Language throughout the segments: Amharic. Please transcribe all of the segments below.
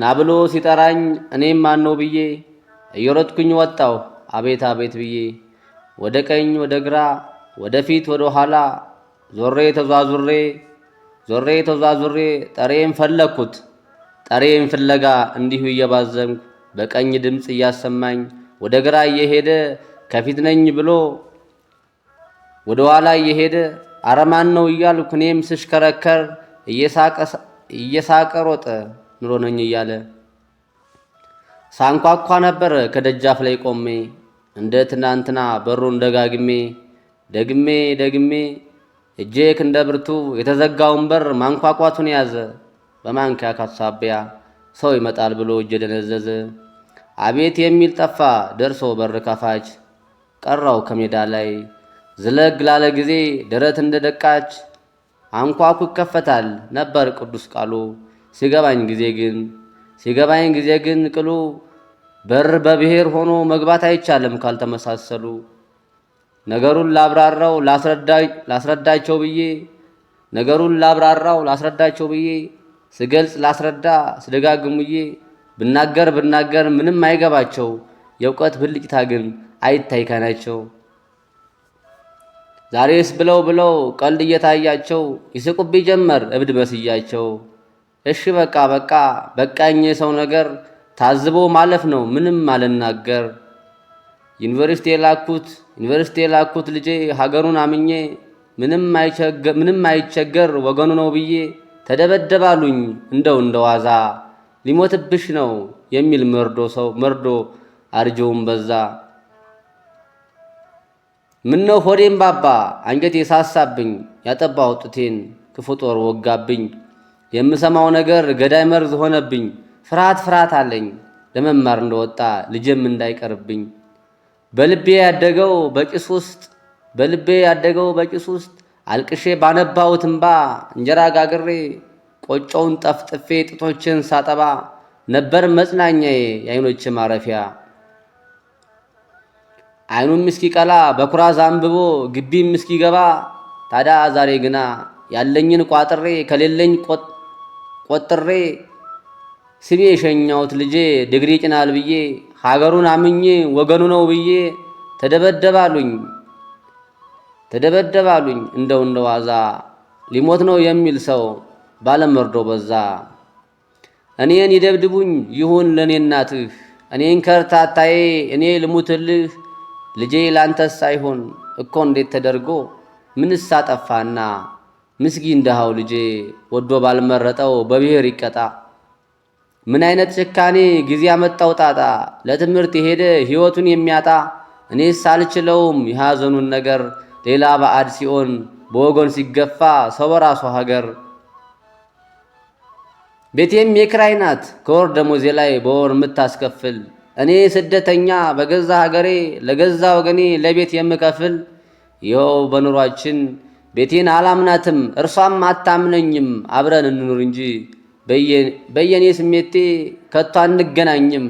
ና ብሎ ሲጠራኝ እኔም ነው ብዬ እየሮጥኩኝ ወጣሁ አቤት አቤት ብዬ ወደ ቀኝ ወደ ግራ ወደ ፊት ወደ ኋላ ዞሬ ተዟዙሬ ዞሬ ተዟዙሬ ጠሬም ፈለግኩት ጠሬም ፍለጋ እንዲሁ እየባዘንኩ በቀኝ ድምፅ እያሰማኝ ወደ ግራ እየሄደ ከፊት ነኝ ብሎ ወደ ኋላ እየሄደ አረማን ነው እያልኩ እኔም ስሽከረከር እየሳቀ ሮጠ። ኑሮ ነኝ እያለ ሳንኳኳ ነበር ከደጃፍ ላይ ቆሜ እንደ ትናንትና በሩን ደጋግሜ ደግሜ ደግሜ እጄ እንደብርቱ ብርቱ የተዘጋውን በር ማንኳኳቱን ያዘ። በማንኪያ ካሳቢያ ሰው ይመጣል ብሎ እጄ ደነዘዘ። አቤት የሚል ጠፋ ደርሶ በር ከፋች ቀራው ከሜዳ ላይ ዝለግ ላለ ጊዜ ደረት እንደ ደቃች አንኳኩ ይከፈታል ነበር ቅዱስ ቃሉ። ሲገባኝ ጊዜ ግን ሲገባኝ ጊዜ ግን ቅሉ በር በብሔር ሆኖ መግባት አይቻልም ካልተመሳሰሉ። ነገሩን ላብራራው ላስረዳቸው ብዬ ነገሩን ላብራራው ላስረዳቸው ብዬ ስገልጽ ላስረዳ ስደጋግሙዬ ብናገር ብናገር ምንም አይገባቸው የእውቀት ብልጭታ ግን አይታይ ከናቸው። ዛሬስ ብለው ብለው ቀልድ እየታያቸው ይስቁብኝ ጀመር እብድ መስያቸው። እሺ በቃ በቃ በቃኝ፣ የሰው ነገር ታዝቦ ማለፍ ነው። ምንም አልናገር። ዩኒቨርሲቲ የላኩት ዩኒቨርሲቲ የላኩት ልጄ ሀገሩን አምኜ ምንም አይቸገር ወገኑ ነው ብዬ ተደበደባሉኝ እንደው እንደዋዛ ሊሞትብሽ ነው የሚል መርዶ ሰው መርዶ አርጆውን በዛ ነው ሆዴም ባባ አንገቴ ሳሳብኝ ያጠባው ጥቴን ክፉ ጦር ወጋብኝ። የምሰማው ነገር ገዳይ መርዝ ሆነብኝ። ፍርሃት ፍርሃት አለኝ ለመማር እንደወጣ ልጄም እንዳይቀርብኝ በልቤ ያደገው በቂስ ውስጥ በልቤ ያደገው በቂስ ውስጥ አልቅሼ ባነባሁት እንጀራ ጋግሬ ቆጮውን ጠፍጥፌ ጥቶችን ሳጠባ ነበር መጽናኛዬ የአይኖች ማረፊያ። አይኑም እስኪቀላ በኩራዝ አንብቦ ግቢም እስኪገባ ታዲያ ዛሬ ግና ያለኝን ቋጥሬ ከሌለኝ ቆጥ ቆጥሬ ስሜ የሸኛውት ልጄ ድግሪ ጭናል ብዬ ሀገሩን አምኜ ወገኑ ነው ብዬ ተደበደባሉኝ ተደበደባሉኝ እንደው እንደ ዋዛ ሊሞት ነው የሚል ሰው ባለመርዶ በዛ። እኔን ይደብድቡኝ ይሁን ለእኔ እናትህ እኔን ከርታታዬ እኔ ልሙትልህ ልጄ ላንተስ አይሆን እኮ እንዴት ተደርጎ ምንስ አጠፋና ምስኪን ድሃው ልጄ ወዶ ባልመረጠው በብሔር ይቀጣ። ምን አይነት ጭካኔ ጊዜ ያመጣው ጣጣ ለትምህርት የሄደ ሕይወቱን የሚያጣ እኔስ አልችለውም የሐዘኑን ነገር ሌላ ባዕድ ሲሆን በወገን ሲገፋ ሰው በራሱ ሀገር ቤቴም የክራይ ናት ከወር ደሞዜ ላይ በወር የምታስከፍል እኔ ስደተኛ በገዛ ሀገሬ ለገዛ ወገኔ ለቤት የምከፍል ይኸው በኑሯችን ቤቴን አላምናትም፣ እርሷም አታምነኝም። አብረን እንኑር እንጂ በየኔ ስሜቴ ከቶ አንገናኝም።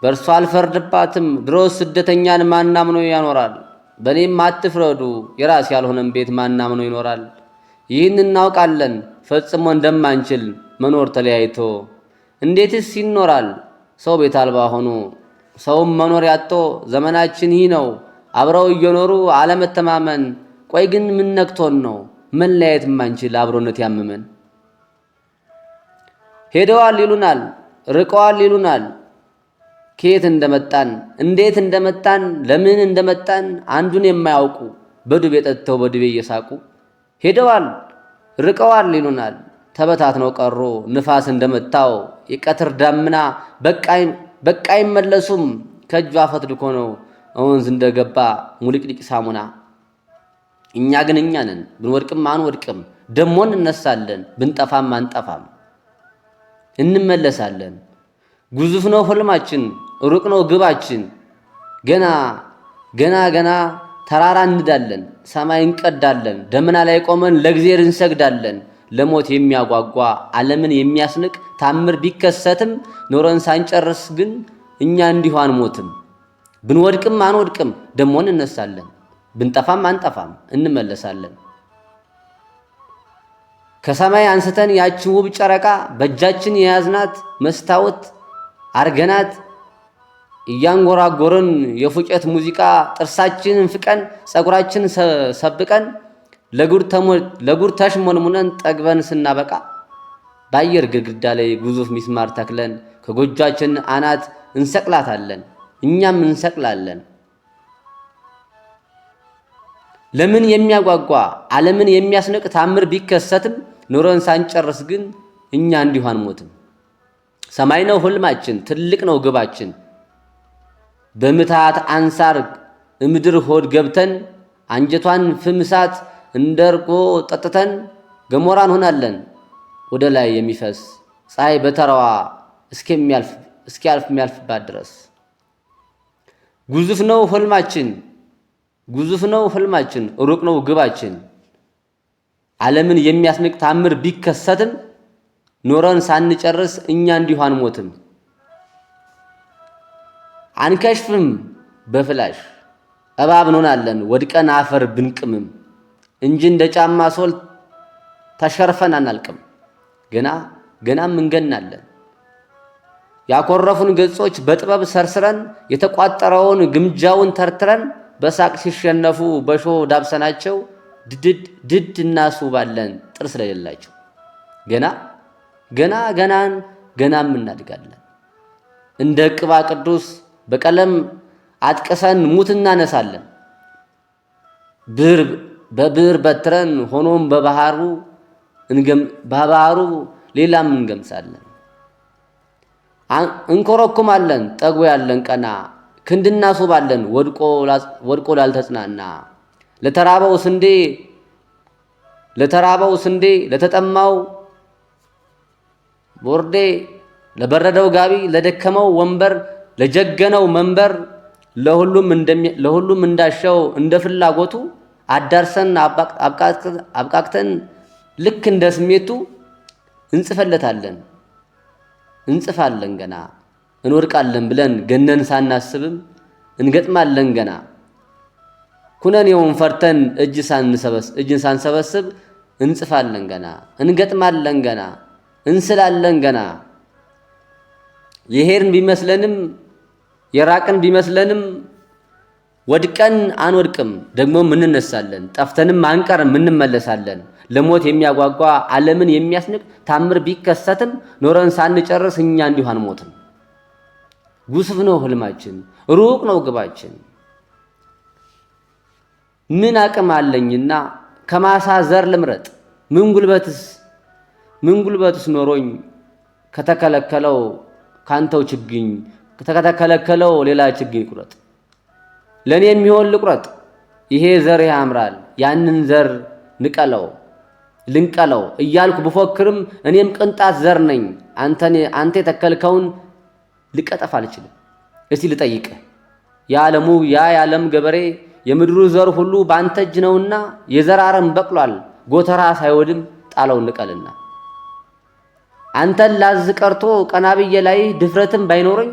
በእርሷ አልፈርድባትም፣ ድሮስ ስደተኛን ማናምኖ ያኖራል። በእኔም አትፍረዱ፣ የራስ ያልሆነም ቤት ማናምኖ ይኖራል። ይህን እናውቃለን ፈጽሞ እንደማንችል መኖር ተለያይቶ እንዴትስ ይኖራል ሰው ቤት አልባ ሆኖ ሰውም መኖር ያጦ ዘመናችን ይህ ነው። አብረው እየኖሩ አለመተማመን ቆይ ግን ምን ነክቶን ነው መለያየት ማንችል አብሮነት ያምመን? ሄደዋል ይሉናል፣ ርቀዋል ይሉናል። ከየት እንደመጣን እንዴት እንደመጣን ለምን እንደመጣን አንዱን የማያውቁ በዱቤ ጠጥተው በዱቤ እየሳቁ ሄደዋል፣ ርቀዋል ይሉናል። ተበታትነው ቀሩ። ንፋስ እንደመታው የቀትር ዳምና በቃ አይመለሱም። ከእጁ አፈትልኮ ነው ወንዝ እንደገባ ሙልቅልቅ ሳሙና እኛ ግን እኛ ነን። ብንወድቅም አንወድቅም፣ ደሞ እንነሳለን። ብንጠፋም አንጠፋም፣ እንመለሳለን። ግዙፍ ነው ህልማችን፣ ሩቅ ነው ግባችን። ገና ገና ገና ተራራ እንዳለን፣ ሰማይ እንቀዳለን። ደመና ላይ ቆመን ለእግዚአብሔር እንሰግዳለን። ለሞት የሚያጓጓ ዓለምን የሚያስንቅ ታምር ቢከሰትም ኖረን ሳንጨርስ ግን እኛ እንዲሁ አንሞትም። ብንወድቅም አንወድቅም፣ ደሞ እንነሳለን። ብንጠፋም አንጠፋም እንመለሳለን። ከሰማይ አንስተን ያችን ውብ ጨረቃ በእጃችን የያዝናት መስታወት አርገናት እያንጎራጎርን የፉጨት ሙዚቃ ጥርሳችንን ፍቀን ፀጉራችን ሰብቀን ለጉር ተሽሞንሙነን ጠግበን ስናበቃ በአየር ግድግዳ ላይ ግዙፍ ሚስማር ተክለን ከጎጇችን አናት እንሰቅላታለን፣ እኛም እንሰቅላለን። ለምን የሚያጓጓ ዓለምን የሚያስነቅ ታምር ቢከሰትም ኑረን ሳንጨርስ ግን እኛ እንዲሁ አንሞትም። ሰማይ ነው ህልማችን፣ ትልቅ ነው ግባችን። በምትሃት አንሳር እምድር ሆድ ገብተን አንጀቷን ፍምሳት እንደርቆ ጠጥተን ገሞራ እንሆናለን ወደ ላይ የሚፈስ ፀሐይ በተራዋ እስኪያልፍ የሚያልፍባት ድረስ። ጉዙፍ ነው ህልማችን ግዙፍ ነው ህልማችን፣ ሩቅ ነው ግባችን። ዓለምን የሚያስንቅ ታምር ቢከሰትም ኖረን ሳንጨርስ እኛ እንዲሁ አንሞትም። አንከሽፍም በፍላሽ እባብ እንሆናለን ወድቀን አፈር ብንቅምም እንጂ እንደ ጫማ ሶል ተሸርፈን አናልቅም። ገና ገናም እንገናለን ያኮረፉን ገጾች በጥበብ ሰርስረን የተቋጠረውን ግምጃውን ተርትረን በሳቅ ሲሸነፉ በሾህ ዳብሰናቸው ድድ ባለን ጥርስ ለሌላቸው ገና ገና ገናን ገናም እናድጋለን። እንደ ቅባ ቅዱስ በቀለም አጥቀሰን ሙት እናነሳለን። በብዕር በትረን ሆኖም በባህሩ በባህሩ ሌላም እንገምሳለን። እንኮረኩማለን ጠግቦ ያለን ቀና ክንድና ሶባለን ወድቆ ላልተጽናና ለተራበው ስንዴ ለተራበው ስንዴ ለተጠማው ቦርዴ ለበረደው ጋቢ ለደከመው ወንበር ለጀገነው መንበር ለሁሉም እንዳሻው እንደ ፍላጎቱ አዳርሰን አብቃቅተን ልክ እንደ ስሜቱ እንጽፈለታለን እንጽፋለን ገና እንወድቃለን ብለን ገነን ሳናስብም እንገጥማለን ገና ኩነኔውን ፈርተን እጅ ሳንሰበስ እጅን ሳንሰበስብ እንጽፋለን ገና እንገጥማለን ገና እንስላለን ገና የሄርን ቢመስለንም የራቅን ቢመስለንም ወድቀን አንወድቅም፣ ደግሞም እንነሳለን። ጠፍተንም አንቀርም፣ እንመለሳለን። ለሞት የሚያጓጓ ዓለምን የሚያስንቅ ታምር ቢከሰትም ኖረን ሳንጨርስ እኛ እንዲሁ አንሞትም። ጉስፍ ነው ህልማችን፣ ሩቅ ነው ግባችን። ምን አቅም አለኝና ከማሳ ዘር ልምረጥ? ምን ጉልበትስ ምን ጉልበትስ ኖሮኝ ከተከለከለው ካንተው ችግኝ ከተከለከለው ሌላ ችግኝ ቁረጥ፣ ለእኔ የሚሆን ልቁረጥ። ይሄ ዘር ያምራል፣ ያንን ዘር ንቀለው ልንቀለው እያልኩ ብፎክርም እኔም ቅንጣት ዘር ነኝ። አንተ የተከልከውን ልቀጠፍ አልችልም። እስቲ ልጠይቅ የዓለሙ ያ የዓለም ገበሬ የምድሩ ዘር ሁሉ በአንተ እጅ ነውና የዘር አረም በቅሏል፣ ጎተራ ሳይወድም ጣለው ንቀልና አንተን ላዝ ቀርቶ ቀናብዬ ላይ ድፍረትም ባይኖረኝ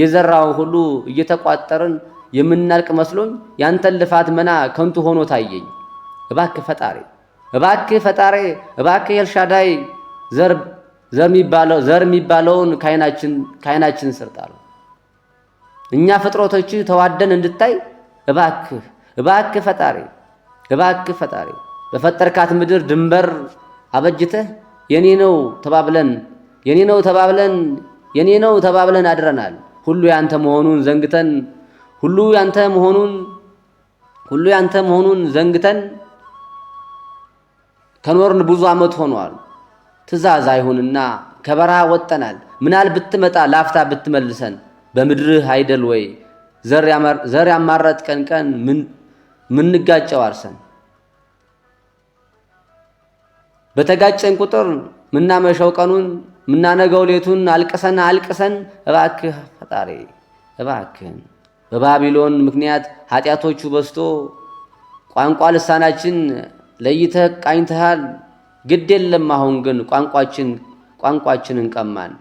የዘራውን ሁሉ እየተቋጠርን የምናልቅ መስሎኝ ያንተን ልፋት መና ከንቱ ሆኖ ታየኝ። እባክህ ፈጣሪ፣ እባክህ ፈጣሪ፣ እባክህ ኤልሻዳይ ዘር ዘር የሚባለውን ከዓይናችን ስር ጣለው። እኛ ፍጥሮቶች ተዋደን እንድታይ እባክህ እባክህ ፈጣሪ እባክህ ፈጣሪ በፈጠርካት ምድር ድንበር አበጅተህ የኔ ነው ተባብለን የኔ ነው ተባብለን የኔ ነው ተባብለን አድረናል። ሁሉ ያንተ መሆኑን ዘንግተን ሁሉ ያንተ መሆኑን ሁሉ ያንተ መሆኑን ዘንግተን ከኖርን ብዙ ዓመት ሆኗል። ትእዛዝ አይሁንና ከበረሃ ወጠናል። ምናል ብትመጣ ላፍታ ብትመልሰን በምድርህ አይደል ወይ ዘር ያማረጥ ቀን ቀን ምንጋጨው አርሰን በተጋጨን ቁጥር ምናመሸው ቀኑን ምናነገው ሌቱን አልቅሰን አልቅሰን እባክህ ፈጣሪ እባክህን በባቢሎን ምክንያት ኃጢአቶቹ በዝቶ ቋንቋ ልሳናችን ለይተህ ቃኝተሃል። ግድ የለም። አሁን ግን ቋንቋችን ቋንቋችንን ቀማን።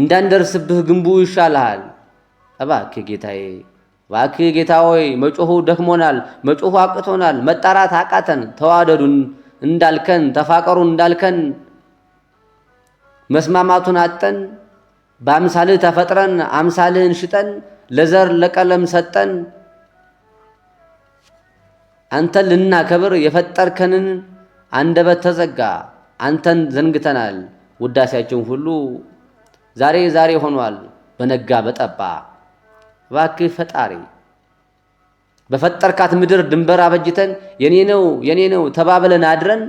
እንዳንደርስብህ ግንቡ ይሻልሃል። እባክህ ጌታዬ፣ እባክህ ጌታ ሆይ መጮሁ ደክሞናል፣ መጮሁ አቅቶናል፣ መጣራት አቃተን። ተዋደዱን እንዳልከን፣ ተፋቀሩን እንዳልከን መስማማቱን አጠን። በአምሳልህ ተፈጥረን አምሳልህን ሽጠን ለዘር ለቀለም ሰጠን። አንተን ልናከብር የፈጠርከንን አንደበት ተዘጋ፣ አንተን ዘንግተናል። ውዳሴያችን ሁሉ ዛሬ ዛሬ ሆኗል፣ በነጋ በጠባ። እባክህ ፈጣሪ በፈጠርካት ምድር ድንበር አበጅተን የኔ ነው የኔ ነው ተባብለን አድረን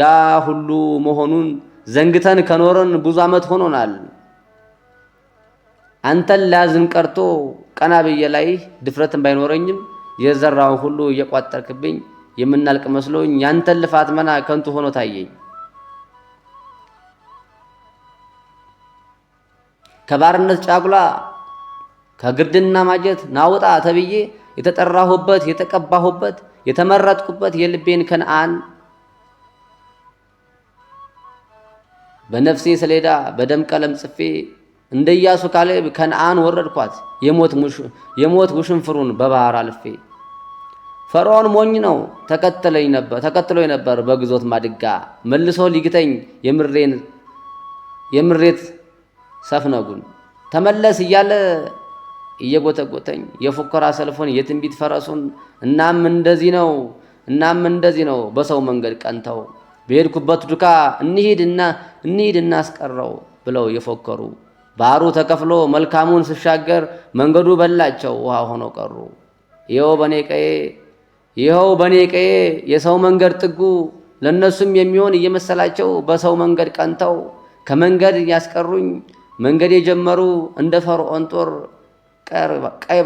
ያ ሁሉ መሆኑን ዘንግተን ከኖረን ብዙ ዓመት ሆኖናል። አንተን ላዝን ቀርቶ ቀና ብዬ ላይ ድፍረትን ባይኖረኝም የዘራውን ሁሉ እየቋጠርክብኝ የምናልቅ መስሎኝ ያንተን ልፋት መና ከንቱ ሆኖ ታየኝ። ከባርነት ጫጉላ ከግርድና ማጀት ናውጣ ተብዬ የተጠራሁበት የተቀባሁበት የተመረጥኩበት የልቤን ከነአን በነፍሴ ሰሌዳ በደም ቀለም ጽፌ እንደ ኢያሱ ካሌብ ከነአን ወረድኳት የሞት ውሽንፍሩን በባህር አልፌ ፈርዖን ሞኝ ነው፣ ተከተለኝ ነበር ተከትሎኝ ነበር በግዞት ማድጋ መልሶ ሊግተኝ የምሬን የምሬት ሰፍነጉን ተመለስ እያለ እየጎተጎተኝ የፉከራ ሰልፉን የትንቢት ፈረሱን እናም እንደዚህ ነው እናም እንደዚህ ነው በሰው መንገድ ቀንተው በሄድኩበት ዱካ እንሂድና እንሂድ እናስቀረው ብለው የፎከሩ ባህሩ ተከፍሎ መልካሙን ስሻገር መንገዱ በላቸው ውሃ ሆኖ ቀሩ ይኸው በኔ ቀዬ ይኸው በእኔ ቀዬ የሰው መንገድ ጥጉ ለእነሱም የሚሆን እየመሰላቸው በሰው መንገድ ቀንተው ከመንገድ ያስቀሩኝ መንገድ የጀመሩ እንደ ፈርዖን ጦር ቀይ